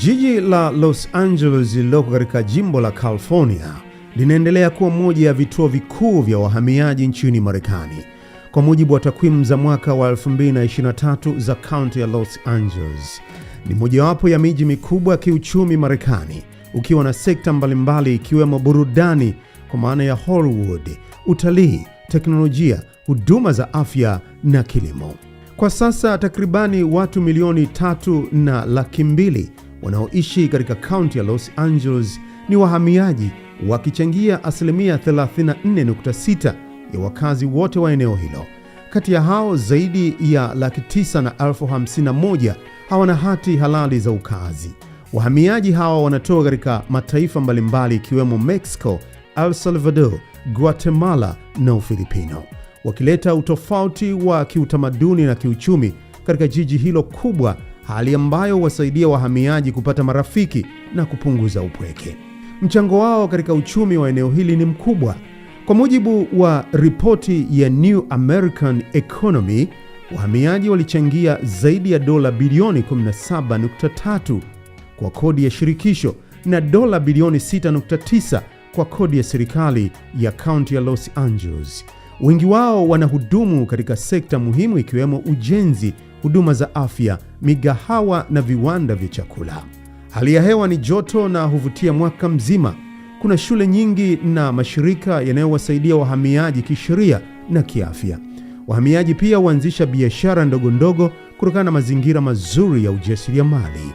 Jiji la Los Angeles lililoko katika jimbo la California linaendelea kuwa moja ya vituo vikuu vya wahamiaji nchini Marekani. Kwa mujibu wa takwimu za mwaka wa 2023 za kaunti ya Los Angeles, ni mojawapo ya miji mikubwa ya kiuchumi Marekani, ukiwa na sekta mbalimbali ikiwemo burudani kwa maana ya Hollywood, utalii, teknolojia, huduma za afya na kilimo. Kwa sasa takribani watu milioni tatu na laki mbili wanaoishi katika kaunti ya Los Angeles ni wahamiaji wakichangia asilimia 34.6 ya wakazi wote wa eneo hilo. Kati ya hao zaidi ya laki 9 na elfu na hawana hati halali za ukazi. Wahamiaji hawa wanatoka katika mataifa mbalimbali ikiwemo Mexico, El Salvador, Guatemala na Ufilipino, wakileta utofauti wa kiutamaduni na kiuchumi katika jiji hilo kubwa hali ambayo huwasaidia wahamiaji kupata marafiki na kupunguza upweke. Mchango wao katika uchumi wa eneo hili ni mkubwa. Kwa mujibu wa ripoti ya New American Economy, wahamiaji walichangia zaidi ya dola bilioni 17.3 kwa kodi ya shirikisho na dola bilioni 6.9 kwa kodi ya serikali ya kaunti ya Los Angeles. Wengi wao wanahudumu katika sekta muhimu ikiwemo ujenzi huduma za afya, migahawa na viwanda vya chakula. Hali ya hewa ni joto na huvutia mwaka mzima. Kuna shule nyingi na mashirika yanayowasaidia wahamiaji kisheria na kiafya. Wahamiaji pia huanzisha biashara ndogo ndogo kutokana na mazingira mazuri ya ujasiriamali.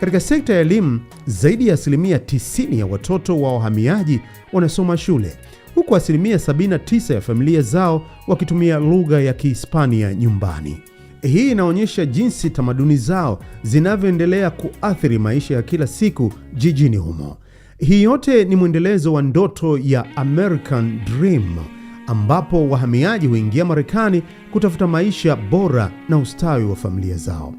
Katika sekta ya elimu, zaidi ya asilimia 90 ya watoto wa wahamiaji wanasoma shule, huku asilimia 79 ya familia zao wakitumia lugha ya Kihispania nyumbani. Hii inaonyesha jinsi tamaduni zao zinavyoendelea kuathiri maisha ya kila siku jijini humo. Hii yote ni mwendelezo wa ndoto ya American Dream ambapo wahamiaji huingia Marekani kutafuta maisha bora na ustawi wa familia zao.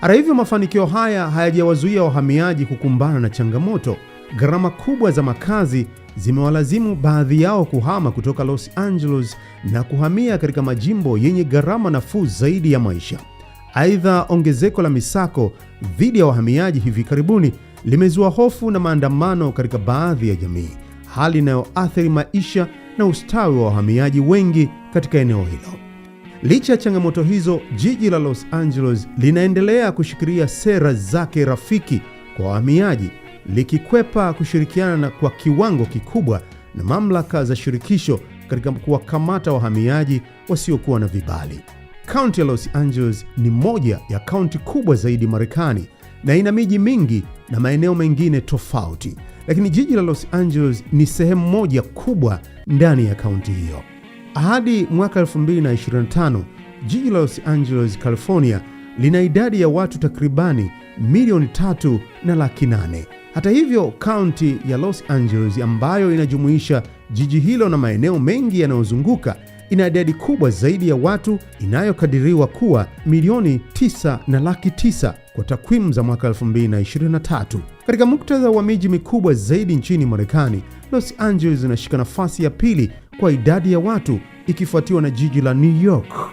Hata hivyo, mafanikio haya hayajawazuia wahamiaji kukumbana na changamoto gharama kubwa za makazi zimewalazimu baadhi yao kuhama kutoka Los Angeles na kuhamia katika majimbo yenye gharama nafuu zaidi ya maisha. Aidha, ongezeko la misako dhidi ya wahamiaji hivi karibuni limezua hofu na maandamano katika baadhi ya jamii, hali inayoathiri maisha na ustawi wa wahamiaji wengi katika eneo hilo. Licha ya changamoto hizo, jiji la Los Angeles linaendelea kushikilia sera zake rafiki kwa wahamiaji likikwepa kushirikiana kwa kiwango kikubwa na mamlaka za shirikisho katika kuwakamata wahamiaji wasiokuwa na vibali. Kaunti ya Los Angeles ni moja ya kaunti kubwa zaidi Marekani na ina miji mingi na maeneo mengine tofauti, lakini jiji la Los Angeles ni sehemu moja kubwa ndani ya kaunti hiyo. Hadi mwaka 2025 jiji la Los Angeles, California lina idadi ya watu takribani milioni tatu na laki nane. Hata hivyo, kaunti ya Los Angeles ambayo inajumuisha jiji hilo na maeneo mengi yanayozunguka ina idadi kubwa zaidi ya watu inayokadiriwa kuwa milioni 9 na laki 9 kwa takwimu za mwaka 2023. Katika muktadha wa miji mikubwa zaidi nchini Marekani, Los Angeles inashika nafasi ya pili kwa idadi ya watu ikifuatiwa na jiji la New York.